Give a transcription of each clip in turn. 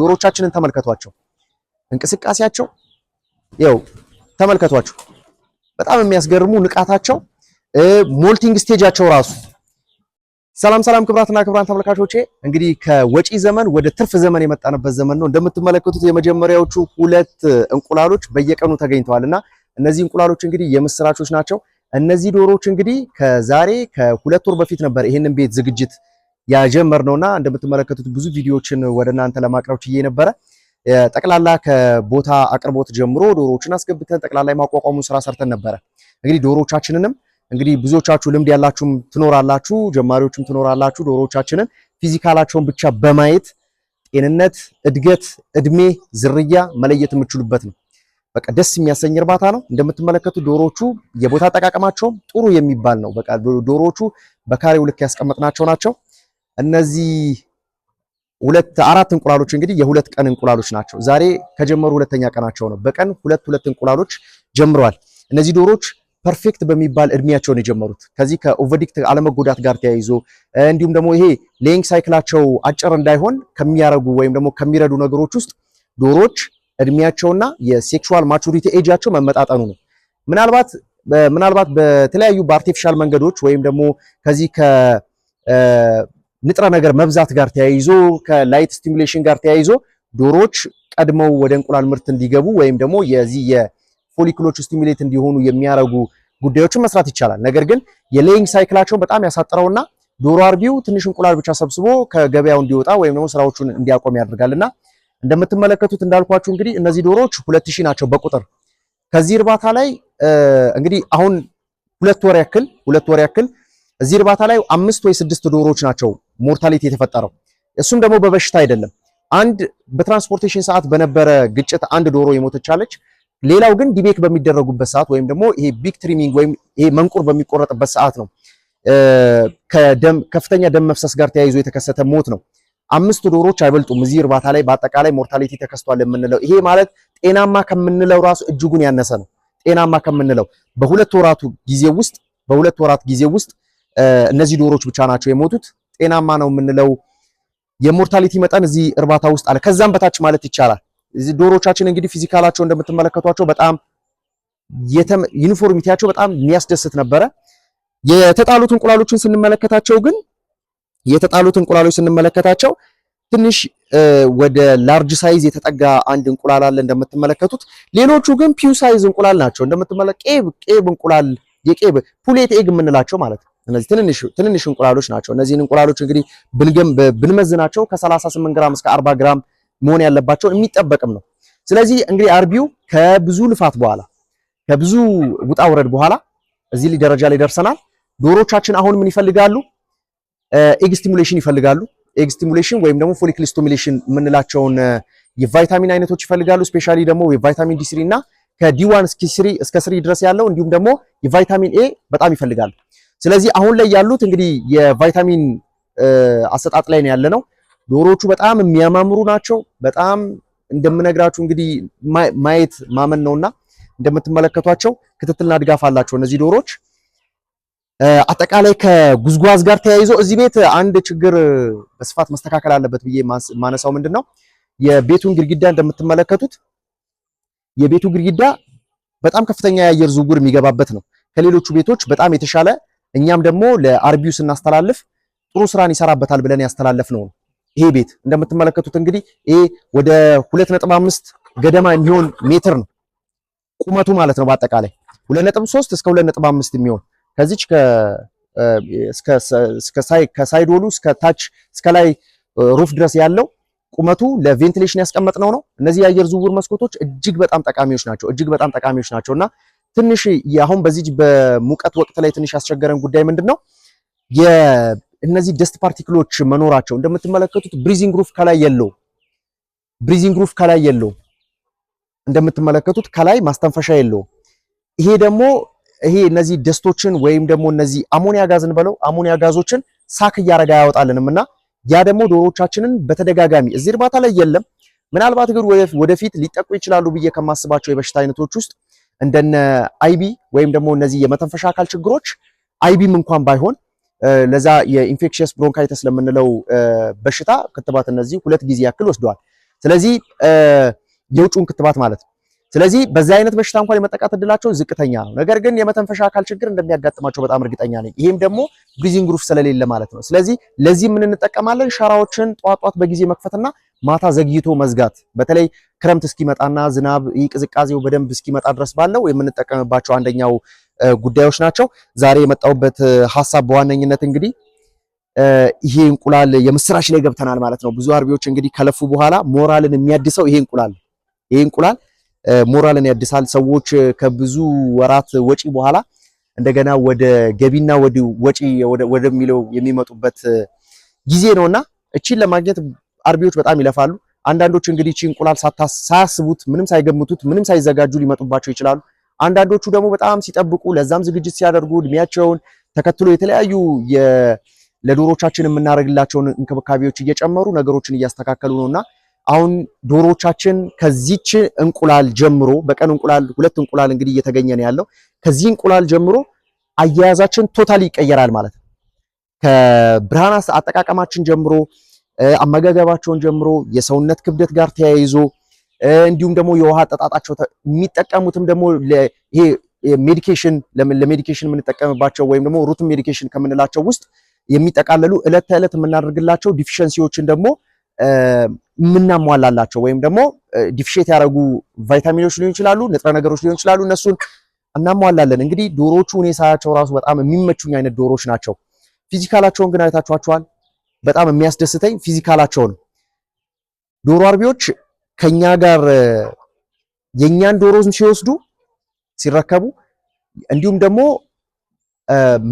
ዶሮቻችንን ተመልከቷቸው፣ እንቅስቃሴያቸው ያው ተመልከቷቸው። በጣም የሚያስገርሙ ንቃታቸው፣ ሞልቲንግ ስቴጃቸው ራሱ። ሰላም ሰላም፣ ክብራትና ክብራን ተመልካቾቼ እንግዲህ ከወጪ ዘመን ወደ ትርፍ ዘመን የመጣንበት ዘመን ነው። እንደምትመለከቱት የመጀመሪያዎቹ ሁለት እንቁላሎች በየቀኑ ተገኝተዋል እና እነዚህ እንቁላሎች እንግዲህ የምስራቾች ናቸው። እነዚህ ዶሮዎች እንግዲህ ከዛሬ ከሁለት ወር በፊት ነበር ይሄንን ቤት ዝግጅት ያጀመር ነውና እንደምትመለከቱት ብዙ ቪዲዮዎችን ወደ እናንተ ለማቅረብ ችዬ ነበረ። ጠቅላላ ከቦታ አቅርቦት ጀምሮ ዶሮዎችን አስገብተን ጠቅላላ የማቋቋሙን ስራ ሰርተን ነበረ። እንግዲህ ዶሮዎቻችንንም እንግዲህ ብዙዎቻችሁ ልምድ ያላችሁም ትኖራላችሁ፣ ጀማሪዎችም ትኖራላችሁ። ዶሮዎቻችንን ፊዚካላቸውን ብቻ በማየት ጤንነት፣ እድገት፣ እድሜ፣ ዝርያ መለየት የምችሉበት ነው። በቃ ደስ የሚያሰኝ እርባታ ነው። እንደምትመለከቱ ዶሮዎቹ የቦታ አጠቃቀማቸውም ጥሩ የሚባል ነው። በቃ ዶሮዎቹ በካሬው ልክ ያስቀመጥናቸው ናቸው። እነዚህ ሁለት አራት እንቁላሎች እንግዲህ የሁለት ቀን እንቁላሎች ናቸው። ዛሬ ከጀመሩ ሁለተኛ ቀናቸው ነው። በቀን ሁለት ሁለት እንቁላሎች ጀምረዋል። እነዚህ ዶሮዎች ፐርፌክት በሚባል እድሜያቸውን የጀመሩት ከዚህ ከኦቨዲክት አለመጎዳት ጋር ተያይዞ እንዲሁም ደግሞ ይሄ ሌንግ ሳይክላቸው አጭር እንዳይሆን ከሚያረጉ ወይም ደግሞ ከሚረዱ ነገሮች ውስጥ ዶሮዎች እድሜያቸውና የሴክሹዋል ማቹሪቲ ኤጃቸው መመጣጠኑ ነው። ምናልባት ምናልባት በተለያዩ በአርቲፊሻል መንገዶች ወይም ደግሞ ከዚህ ንጥረ ነገር መብዛት ጋር ተያይዞ ከላይት ስቲሙሌሽን ጋር ተያይዞ ዶሮዎች ቀድመው ወደ እንቁላል ምርት እንዲገቡ ወይም ደግሞ የዚህ የፎሊክሎቹ ስቲሙሌት እንዲሆኑ የሚያደርጉ ጉዳዮችን መስራት ይቻላል። ነገር ግን የሌይንግ ሳይክላቸውን በጣም ያሳጥረውና ዶሮ አርቢው ትንሽ እንቁላል ብቻ ሰብስቦ ከገበያው እንዲወጣ ወይም ደግሞ ስራዎቹን እንዲያቆም ያደርጋልና እንደምትመለከቱት እንዳልኳችሁ እንግዲህ እነዚህ ዶሮዎች ሁለት ሺህ ናቸው በቁጥር ከዚህ እርባታ ላይ እንግዲህ አሁን ሁለት ወር ያክል ሁለት ወር ያክል እዚህ እርባታ ላይ አምስት ወይ ስድስት ዶሮዎች ናቸው ሞርታሊቲ የተፈጠረው። እሱም ደግሞ በበሽታ አይደለም። አንድ በትራንስፖርቴሽን ሰዓት በነበረ ግጭት አንድ ዶሮ የሞተቻለች። ሌላው ግን ዲቤክ በሚደረጉበት ሰዓት ወይም ደግሞ ይሄ ቢግ ትሪሚንግ ወይም ይሄ መንቁር በሚቆረጥበት ሰዓት ነው ከደም ከፍተኛ ደም መፍሰስ ጋር ተያይዞ የተከሰተ ሞት ነው። አምስት ዶሮዎች አይበልጡም እዚህ እርባታ ላይ በአጠቃላይ ሞርታሊቲ ተከስቷል የምንለው ይሄ ማለት ጤናማ ከምንለው ራሱ እጅጉን ያነሰ ነው። ጤናማ ከምንለው በሁለት ወራቱ ጊዜ ውስጥ በሁለት ወራት ጊዜ ውስጥ እነዚህ ዶሮዎች ብቻ ናቸው የሞቱት። ጤናማ ነው የምንለው የሞርታሊቲ መጠን እዚህ እርባታ ውስጥ አለ፣ ከዛም በታች ማለት ይቻላል። እዚህ ዶሮዎቻችን እንግዲህ ፊዚካላቸው እንደምትመለከቷቸው በጣም ዩኒፎርሚቲያቸው በጣም የሚያስደስት ነበረ። የተጣሉት እንቁላሎችን ስንመለከታቸው ግን የተጣሉት እንቁላሎች ስንመለከታቸው ትንሽ ወደ ላርጅ ሳይዝ የተጠጋ አንድ እንቁላል አለ እንደምትመለከቱት። ሌሎቹ ግን ፒው ሳይዝ እንቁላል ናቸው እንደምትመለከ ቄብ ቄብ እንቁላል የቄብ ፑሌት ኤግ የምንላቸው ማለት ነው። እነዚህ ትንንሽ ትንንሽ እንቁላሎች ናቸው። እነዚህን እንቁላሎች እንግዲህ ብንገም ብንመዝናቸው ከ38 ግራም እስከ 40 ግራም መሆን ያለባቸው የሚጠበቅም ነው። ስለዚህ እንግዲህ አርቢው ከብዙ ልፋት በኋላ ከብዙ ውጣ ውረድ በኋላ እዚህ ላይ ደረጃ ላይ ደርሰናል። ዶሮቻችን አሁን ምን ይፈልጋሉ? ኤግ ስቲሙሌሽን ይፈልጋሉ። ኤግ ስቲሙሌሽን ወይም ደግሞ ፎሊክል ስቲሙሌሽን የምንላቸውን የቫይታሚን አይነቶች ይፈልጋሉ። ስፔሻሊ ደግሞ የቫይታሚን ዲ3 እና ከዲ1 እስከ 3 ድረስ ያለው እንዲሁም ደግሞ የቫይታሚን ኤ በጣም ይፈልጋሉ። ስለዚህ አሁን ላይ ያሉት እንግዲህ የቫይታሚን አሰጣጥ ላይ ነው ያለነው። ዶሮዎቹ በጣም የሚያማምሩ ናቸው። በጣም እንደምነግራችሁ እንግዲህ ማየት ማመን ነውና እንደምትመለከቷቸው ክትትልና ድጋፍ አላቸው እነዚህ ዶሮዎች። አጠቃላይ ከጉዝጓዝ ጋር ተያይዞ እዚህ ቤት አንድ ችግር በስፋት መስተካከል አለበት ብዬ ማነሳው ምንድን ነው የቤቱን ግድግዳ እንደምትመለከቱት የቤቱ ግድግዳ በጣም ከፍተኛ የአየር ዝውውር የሚገባበት ነው። ከሌሎቹ ቤቶች በጣም የተሻለ እኛም ደግሞ ለአርቢው ስናስተላልፍ ጥሩ ስራን ይሰራበታል ብለን ያስተላለፍ ነው። ይሄ ቤት እንደምትመለከቱት እንግዲህ ይሄ ወደ 2.5 ገደማ የሚሆን ሜትር ነው ቁመቱ ማለት ነው። በአጠቃላይ 2.3 እስከ 2.5 የሚሆን ከዚች ከሳይዶሉ እስከ ታች እስከ ላይ ሩፍ ድረስ ያለው ቁመቱ ለቬንቲሌሽን ያስቀመጥነው ነው። እነዚህ የአየር ዝውውር መስኮቶች እጅግ በጣም ጠቃሚዎች ናቸው። እጅግ በጣም ጠቃሚዎች ናቸውና ትንሽ አሁን በዚህ በሙቀት ወቅት ላይ ትንሽ ያስቸገረን ጉዳይ ምንድን ነው? እነዚህ ደስት ፓርቲክሎች መኖራቸው እንደምትመለከቱት ብሪዚንግ ሩፍ ከላይ የለው ብሪዚንግ ሩፍ ከላይ የለውም። እንደምትመለከቱት ከላይ ማስተንፈሻ የለው ይሄ ደግሞ ይሄ እነዚህ ደስቶችን ወይም ደግሞ እነዚህ አሞኒያ ጋዝን በለው አሞኒያ ጋዞችን ሳክ እያረጋ ያወጣልንም እና ያ ደግሞ ዶሮዎቻችንን በተደጋጋሚ እዚህ እርባታ ላይ የለም። ምናልባት ግን ወደፊት ሊጠቁ ይችላሉ ብዬ ከማስባቸው የበሽታ አይነቶች ውስጥ እንደነ አይቢ ወይም ደግሞ እነዚህ የመተንፈሻ አካል ችግሮች አይቢም እንኳን ባይሆን ለዛ የኢንፌክሽየስ ብሮንካይተስ ለምንለው በሽታ ክትባት እነዚህ ሁለት ጊዜ ያክል ወስደዋል። ስለዚህ የውጭውን ክትባት ማለት ነው። ስለዚህ በዚህ አይነት በሽታ እንኳን የመጠቃት እድላቸው ዝቅተኛ ነው። ነገር ግን የመተንፈሻ አካል ችግር እንደሚያጋጥማቸው በጣም እርግጠኛ ነኝ። ይህም ደግሞ ብሪዚንግ ሩፍ ስለሌለ ማለት ነው። ስለዚህ ለዚህ ምን እንጠቀማለን? ሸራዎችን ጧጧት በጊዜ መክፈትና ማታ ዘግይቶ መዝጋት። በተለይ ክረምት እስኪመጣና ዝናብ ቅዝቃዜው በደንብ እስኪመጣ ድረስ ባለው የምንጠቀምባቸው አንደኛው ጉዳዮች ናቸው። ዛሬ የመጣሁበት ሀሳብ በዋነኝነት እንግዲህ ይሄ እንቁላል የምስራች ላይ ገብተናል ማለት ነው። ብዙ አርቢዎች እንግዲህ ከለፉ በኋላ ሞራልን የሚያድሰው ይሄ እንቁላል ይሄ እንቁላል ሞራልን ያድሳል። ሰዎች ከብዙ ወራት ወጪ በኋላ እንደገና ወደ ገቢና ወደ ወጪ ወደሚለው የሚመጡበት ጊዜ ነውና እቺን ለማግኘት አርቢዎች በጣም ይለፋሉ። አንዳንዶች እንግዲህ እቺ እንቁላል ሳያስቡት ምንም ሳይገምቱት ምንም ሳይዘጋጁ ሊመጡባቸው ይችላሉ። አንዳንዶቹ ደግሞ በጣም ሲጠብቁ ለዛም ዝግጅት ሲያደርጉ እድሜያቸውን ተከትሎ የተለያዩ ለዶሮቻችን የምናደርግላቸውን እንክብካቤዎች እየጨመሩ ነገሮችን እያስተካከሉ ነውና አሁን ዶሮቻችን ከዚች እንቁላል ጀምሮ በቀን እንቁላል ሁለት እንቁላል እንግዲህ እየተገኘ ነው ያለው። ከዚህ እንቁላል ጀምሮ አያያዛችን ቶታሊ ይቀየራል ማለት ነው። ከብርሃን አጠቃቀማችን ጀምሮ አመጋገባቸውን ጀምሮ የሰውነት ክብደት ጋር ተያይዞ እንዲሁም ደግሞ የውሃ አጠጣጣቸው የሚጠቀሙትም ደግሞ ይሄ ሜዲኬሽን ለሜዲኬሽን የምንጠቀምባቸው ወይም ደግሞ ሩት ሜዲኬሽን ከምንላቸው ውስጥ የሚጠቃለሉ እለት ተዕለት የምናደርግላቸው ዲፊሸንሲዎችን ደግሞ የምናሟላላቸው ወይም ደግሞ ዲፍሼት ያደረጉ ቫይታሚኖች ሊሆን ይችላሉ፣ ንጥረ ነገሮች ሊሆን ይችላሉ። እነሱን እናሟላለን። እንግዲህ ዶሮቹ እኔ ሳያቸው ራሱ በጣም የሚመቹኝ አይነት ዶሮች ናቸው። ፊዚካላቸውን ግን አይታችኋቸዋል። በጣም የሚያስደስተኝ ፊዚካላቸው ነው። ዶሮ አርቢዎች ከኛ ጋር የኛን ዶሮም ሲወስዱ ሲረከቡ፣ እንዲሁም ደግሞ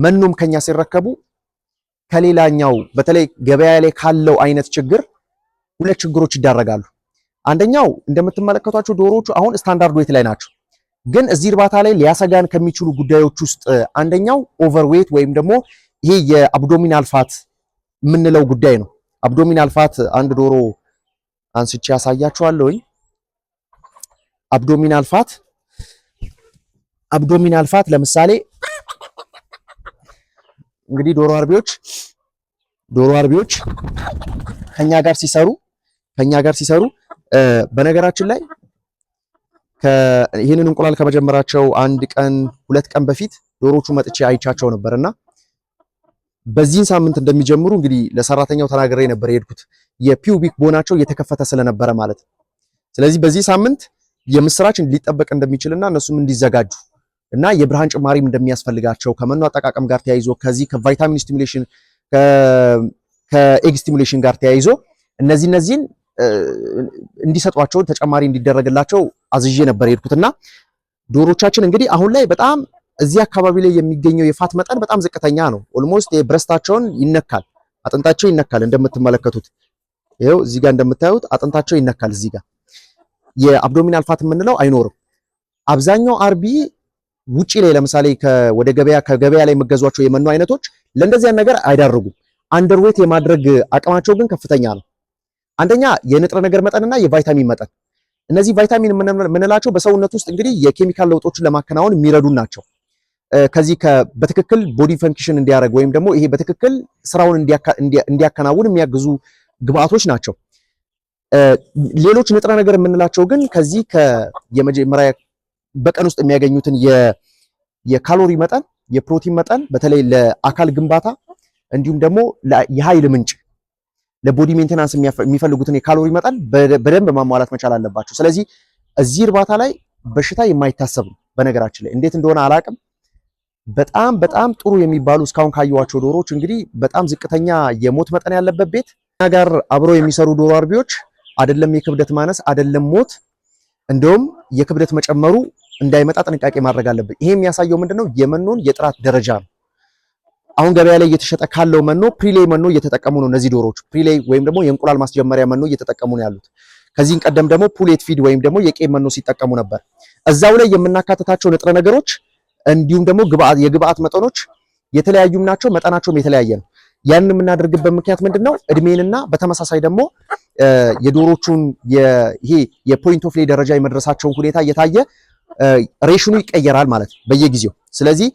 መኖም ከኛ ሲረከቡ ከሌላኛው በተለይ ገበያ ላይ ካለው አይነት ችግር ሁለት ችግሮች ይዳረጋሉ። አንደኛው እንደምትመለከቷቸው ዶሮዎቹ አሁን ስታንዳርድ ዌት ላይ ናቸው። ግን እዚህ እርባታ ላይ ሊያሰጋን ከሚችሉ ጉዳዮች ውስጥ አንደኛው ኦቨር ዌት ወይም ደግሞ ይሄ የአብዶሚናል ፋት የምንለው ጉዳይ ነው። አብዶሚናል ፋት አንድ ዶሮ አንስቼ ያሳያችኋለሁኝ። አብዶሚናል ፋት አብዶሚናል ፋት ለምሳሌ እንግዲህ ዶሮ አርቢዎች ዶሮ አርቢዎች ከኛ ጋር ሲሰሩ ከኛ ጋር ሲሰሩ በነገራችን ላይ ይህንን እንቁላል ከመጀመራቸው አንድ ቀን ሁለት ቀን በፊት ዶሮቹ መጥቼ አይቻቸው ነበርና በዚህን ሳምንት እንደሚጀምሩ እንግዲህ ለሰራተኛው ተናግሬ ነበር የሄድኩት የፒውቢክ ቦናቸው እየተከፈተ ስለነበረ ማለት ነው። ስለዚህ በዚህ ሳምንት የምስራችን ሊጠበቅ እንደሚችልና እነሱም እንዲዘጋጁ እና የብርሃን ጭማሪም እንደሚያስፈልጋቸው ከመኖ አጠቃቀም ጋር ተያይዞ ከዚህ ከቫይታሚን ስቲሙሌሽን ከኤግ ስቲሙሌሽን ጋር ተያይዞ እነዚህ እነዚህን እንዲሰጧቸው ተጨማሪ እንዲደረግላቸው አዝዤ ነበር የሄድኩትና ዶሮቻችን እንግዲህ አሁን ላይ በጣም እዚህ አካባቢ ላይ የሚገኘው የፋት መጠን በጣም ዝቅተኛ ነው። ኦልሞስት ብረስታቸውን ይነካል፣ አጥንታቸው ይነካል። እንደምትመለከቱት ይኸው እዚህ ጋር እንደምታዩት አጥንታቸው ይነካል። እዚህ ጋር የአብዶሚናል ፋት የምንለው አይኖርም። አብዛኛው አርቢ ውጪ ላይ ለምሳሌ ወደ ገበያ ከገበያ ላይ የምገዟቸው የመኖ አይነቶች ለእንደዚያን ነገር አይዳርጉም። አንደርዌት የማድረግ አቅማቸው ግን ከፍተኛ ነው። አንደኛ የንጥረ ነገር መጠንና የቫይታሚን መጠን። እነዚህ ቫይታሚን የምንላቸው በሰውነት ውስጥ እንግዲህ የኬሚካል ለውጦችን ለማከናወን የሚረዱ ናቸው። ከዚህ በትክክል ቦዲ ፈንክሽን እንዲያደርግ ወይም ደግሞ ይሄ በትክክል ስራውን እንዲያከናውን የሚያግዙ ግብአቶች ናቸው። ሌሎች ንጥረ ነገር የምንላቸው ግን ከዚህ የመጀመሪያ በቀን ውስጥ የሚያገኙትን የካሎሪ መጠን፣ የፕሮቲን መጠን በተለይ ለአካል ግንባታ እንዲሁም ደግሞ የኃይል ምንጭ ለቦዲ ሜንቴናንስ የሚፈልጉትን የካሎሪ መጠን በደንብ ማሟላት መቻል አለባቸው። ስለዚህ እዚህ እርባታ ላይ በሽታ የማይታሰብ ነው። በነገራችን ላይ እንዴት እንደሆነ አላቅም። በጣም በጣም ጥሩ የሚባሉ እስካሁን ካየኋቸው ዶሮዎች እንግዲህ በጣም ዝቅተኛ የሞት መጠን ያለበት ቤት ጋር አብረው የሚሰሩ ዶሮ አርቢዎች አይደለም የክብደት ማነስ አይደለም ሞት፣ እንደውም የክብደት መጨመሩ እንዳይመጣ ጥንቃቄ ማድረግ አለብን። ይሄ የሚያሳየው ምንድነው? የመኖን የጥራት ደረጃ ነው። አሁን ገበያ ላይ እየተሸጠ ካለው መኖ ፕሪሌይ መኖ እየተጠቀሙ ነው እነዚህ ዶሮዎች። ፕሪሌይ ወይም ደግሞ የእንቁላል ማስጀመሪያ መኖ እየተጠቀሙ ነው ያሉት። ከዚህም ቀደም ደግሞ ፑሌት ፊድ ወይም ደግሞ የቄም መኖ ሲጠቀሙ ነበር። እዛው ላይ የምናካተታቸው ንጥረ ነገሮች እንዲሁም ደግሞ የግብአት መጠኖች የተለያዩም ናቸው፣ መጠናቸውም የተለያየ ነው። ያንን የምናደርግበት ምክንያት ምንድን ነው? እድሜንና በተመሳሳይ ደግሞ የዶሮቹን ይሄ የፖይንት ኦፍ ላይ ደረጃ የመድረሳቸውን ሁኔታ እየታየ ሬሽኑ ይቀየራል ማለት በየጊዜው ስለዚህ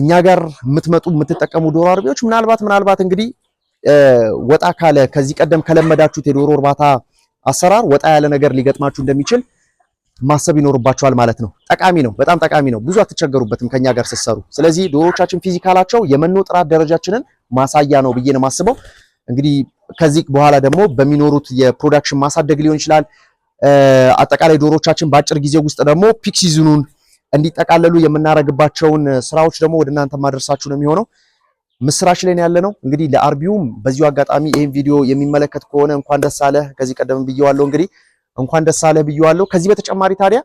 እኛ ጋር የምትመጡ የምትጠቀሙ ዶሮ አርቢዎች ምናልባት ምናልባት እንግዲህ ወጣ ካለ ከዚህ ቀደም ከለመዳችሁት የዶሮ እርባታ አሰራር ወጣ ያለ ነገር ሊገጥማችሁ እንደሚችል ማሰብ ይኖርባችኋል ማለት ነው። ጠቃሚ ነው፣ በጣም ጠቃሚ ነው። ብዙ አትቸገሩበትም ከኛ ጋር ስትሰሩ። ስለዚህ ዶሮቻችን ፊዚካላቸው የመኖ ጥራት ደረጃችንን ማሳያ ነው ብዬ ነው የማስበው። እንግዲህ ከዚህ በኋላ ደግሞ በሚኖሩት የፕሮዳክሽን ማሳደግ ሊሆን ይችላል። አጠቃላይ ዶሮቻችን በአጭር ጊዜ ውስጥ ደግሞ ፒክ ሲዝኑን እንዲጠቃለሉ የምናደርግባቸውን ስራዎች ደግሞ ወደ እናንተ ማድረሳችሁ ነው የሚሆነው። ምስራች ላይ ያለ ነው እንግዲህ ለአርቢውም በዚሁ አጋጣሚ ይህን ቪዲዮ የሚመለከት ከሆነ እንኳን ደስ አለህ። ከዚህ ቀደም ብየዋለሁ፣ እንግዲህ እንኳን ደስ አለህ ብየዋለሁ። ከዚህ በተጨማሪ ታዲያ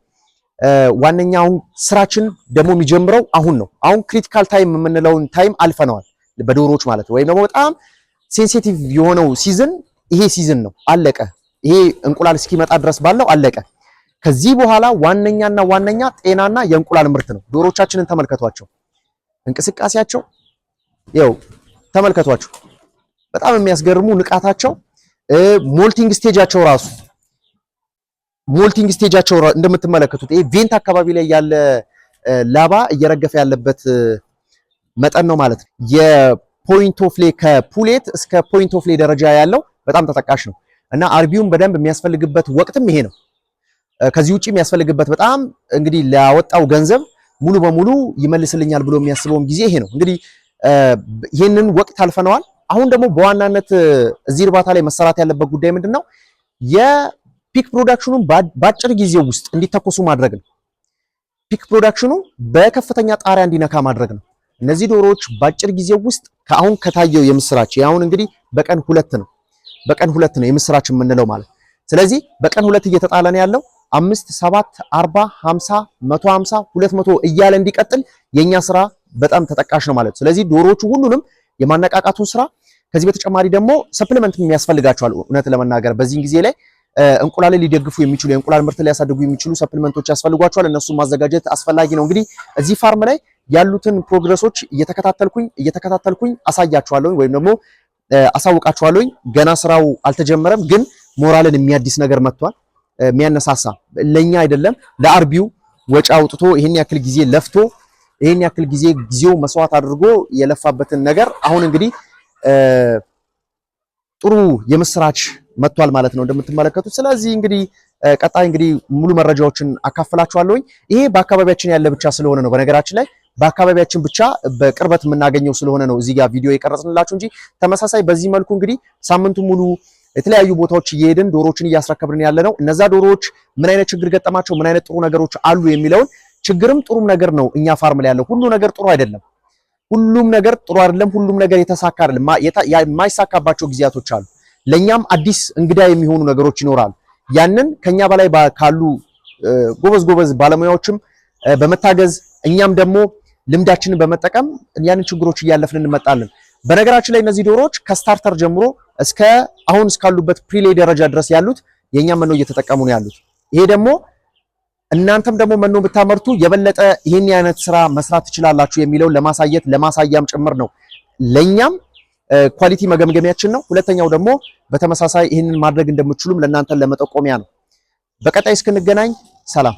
ዋነኛውን ስራችን ደግሞ የሚጀምረው አሁን ነው። አሁን ክሪቲካል ታይም የምንለውን ታይም አልፈነዋል፣ በዶሮዎች ማለት ነው። ወይም ደግሞ በጣም ሴንሲቲቭ የሆነው ሲዝን ይሄ ሲዝን ነው። አለቀ። ይሄ እንቁላል እስኪመጣ ድረስ ባለው አለቀ። ከዚህ በኋላ ዋነኛና ዋነኛ ጤናና የእንቁላል ምርት ነው። ዶሮቻችንን ተመልከቷቸው፣ እንቅስቃሴያቸው ያው ተመልከቷቸው፣ በጣም የሚያስገርሙ ንቃታቸው፣ ሞልቲንግ ስቴጃቸው ራሱ ሞልቲንግ ስቴጃቸው እንደምትመለከቱት ይሄ ቬንት አካባቢ ላይ ያለ ላባ እየረገፈ ያለበት መጠን ነው ማለት ነው። የፖይንት ኦፍ ሌይ ከፑሌት እስከ ፖይንት ኦፍ ሌይ ደረጃ ያለው በጣም ተጠቃሽ ነው እና አርቢውን በደንብ የሚያስፈልግበት ወቅትም ይሄ ነው። ከዚህ ውጪ የሚያስፈልግበት በጣም እንግዲህ ለወጣው ገንዘብ ሙሉ በሙሉ ይመልስልኛል ብሎ የሚያስበውም ጊዜ ይሄ ነው። እንግዲህ ይህንን ወቅት አልፈነዋል። አሁን ደግሞ በዋናነት እዚህ እርባታ ላይ መሰራት ያለበት ጉዳይ ምንድን ነው? የፒክ ፕሮዳክሽኑን በአጭር ጊዜ ውስጥ እንዲተኮሱ ማድረግ ነው። ፒክ ፕሮዳክሽኑ በከፍተኛ ጣሪያ እንዲነካ ማድረግ ነው። እነዚህ ዶሮዎች በአጭር ጊዜ ውስጥ ከአሁን ከታየው የምስራች አሁን እንግዲህ በቀን ሁለት ነው በቀን ሁለት ነው የምስራች የምንለው ማለት ስለዚህ በቀን ሁለት እየተጣለ ነው ያለው አምስት ሰባት አርባ ሀምሳ መቶ ሀምሳ ሁለት መቶ እያለ እንዲቀጥል የኛ ስራ በጣም ተጠቃሽ ነው ማለት። ስለዚህ ዶሮዎቹ ሁሉንም የማነቃቃቱን ስራ ከዚህ በተጨማሪ ደግሞ ሰፕሊመንት የሚያስፈልጋቸዋል። እውነት ለመናገር በዚህን ጊዜ ላይ እንቁላል ሊደግፉ የሚችሉ የእንቁላል ምርት ሊያሳድጉ የሚችሉ ሰፕሊመንቶች ያስፈልጓቸዋል። እነሱን ማዘጋጀት አስፈላጊ ነው። እንግዲህ እዚህ ፋርም ላይ ያሉትን ፕሮግረሶች እየተከታተልኩኝ እየተከታተልኩኝ አሳያችኋለሁኝ ወይም ደግሞ አሳውቃችኋለሁኝ። ገና ስራው አልተጀመረም፣ ግን ሞራልን የሚያድስ ነገር መጥቷል። የሚያነሳሳ ለኛ አይደለም ለአርቢው ወጪ አውጥቶ ይሄን ያክል ጊዜ ለፍቶ ይሄን ያክል ጊዜ ጊዜው መስዋዕት አድርጎ የለፋበትን ነገር አሁን እንግዲህ ጥሩ የምስራች መጥቷል ማለት ነው እንደምትመለከቱት። ስለዚህ እንግዲህ ቀጣይ እንግዲህ ሙሉ መረጃዎችን አካፍላችኋለሁኝ። ይሄ በአካባቢያችን ያለ ብቻ ስለሆነ ነው በነገራችን ላይ በአካባቢያችን ብቻ በቅርበት የምናገኘው ስለሆነ ነው እዚህ ጋር ቪዲዮ የቀረጽንላችሁ እንጂ ተመሳሳይ በዚህ መልኩ እንግዲህ ሳምንቱ ሙሉ የተለያዩ ቦታዎች እየሄድን ዶሮዎችን እያስረከብን ያለ ነው። እነዛ ዶሮዎች ምን አይነት ችግር ገጠማቸው፣ ምን አይነት ጥሩ ነገሮች አሉ የሚለውን ችግርም ጥሩም ነገር ነው። እኛ ፋርም ላይ ያለው ሁሉ ነገር ጥሩ አይደለም፣ ሁሉም ነገር ጥሩ አይደለም፣ ሁሉም ነገር የተሳካ አይደለም። የማይሳካባቸው ጊዜያቶች አሉ። ለኛም አዲስ እንግዳ የሚሆኑ ነገሮች ይኖራሉ። ያንን ከኛ በላይ ካሉ ጎበዝ ጎበዝ ባለሙያዎችም በመታገዝ እኛም ደግሞ ልምዳችንን በመጠቀም ያንን ችግሮች እያለፍን እንመጣለን። በነገራችን ላይ እነዚህ ዶሮዎች ከስታርተር ጀምሮ እስከ አሁን እስካሉበት ፕሪሌይ ደረጃ ድረስ ያሉት የኛ መኖ እየተጠቀሙ ነው ያሉት። ይሄ ደግሞ እናንተም ደግሞ መኖ ብታመርቱ የበለጠ ይህን አይነት ስራ መስራት ትችላላችሁ የሚለውን ለማሳየት ለማሳያም ጭምር ነው። ለኛም ኳሊቲ መገምገሚያችን ነው። ሁለተኛው ደግሞ በተመሳሳይ ይህንን ማድረግ እንደምትችሉም ለእናንተን ለመጠቆሚያ ነው። በቀጣይ እስክንገናኝ ሰላም።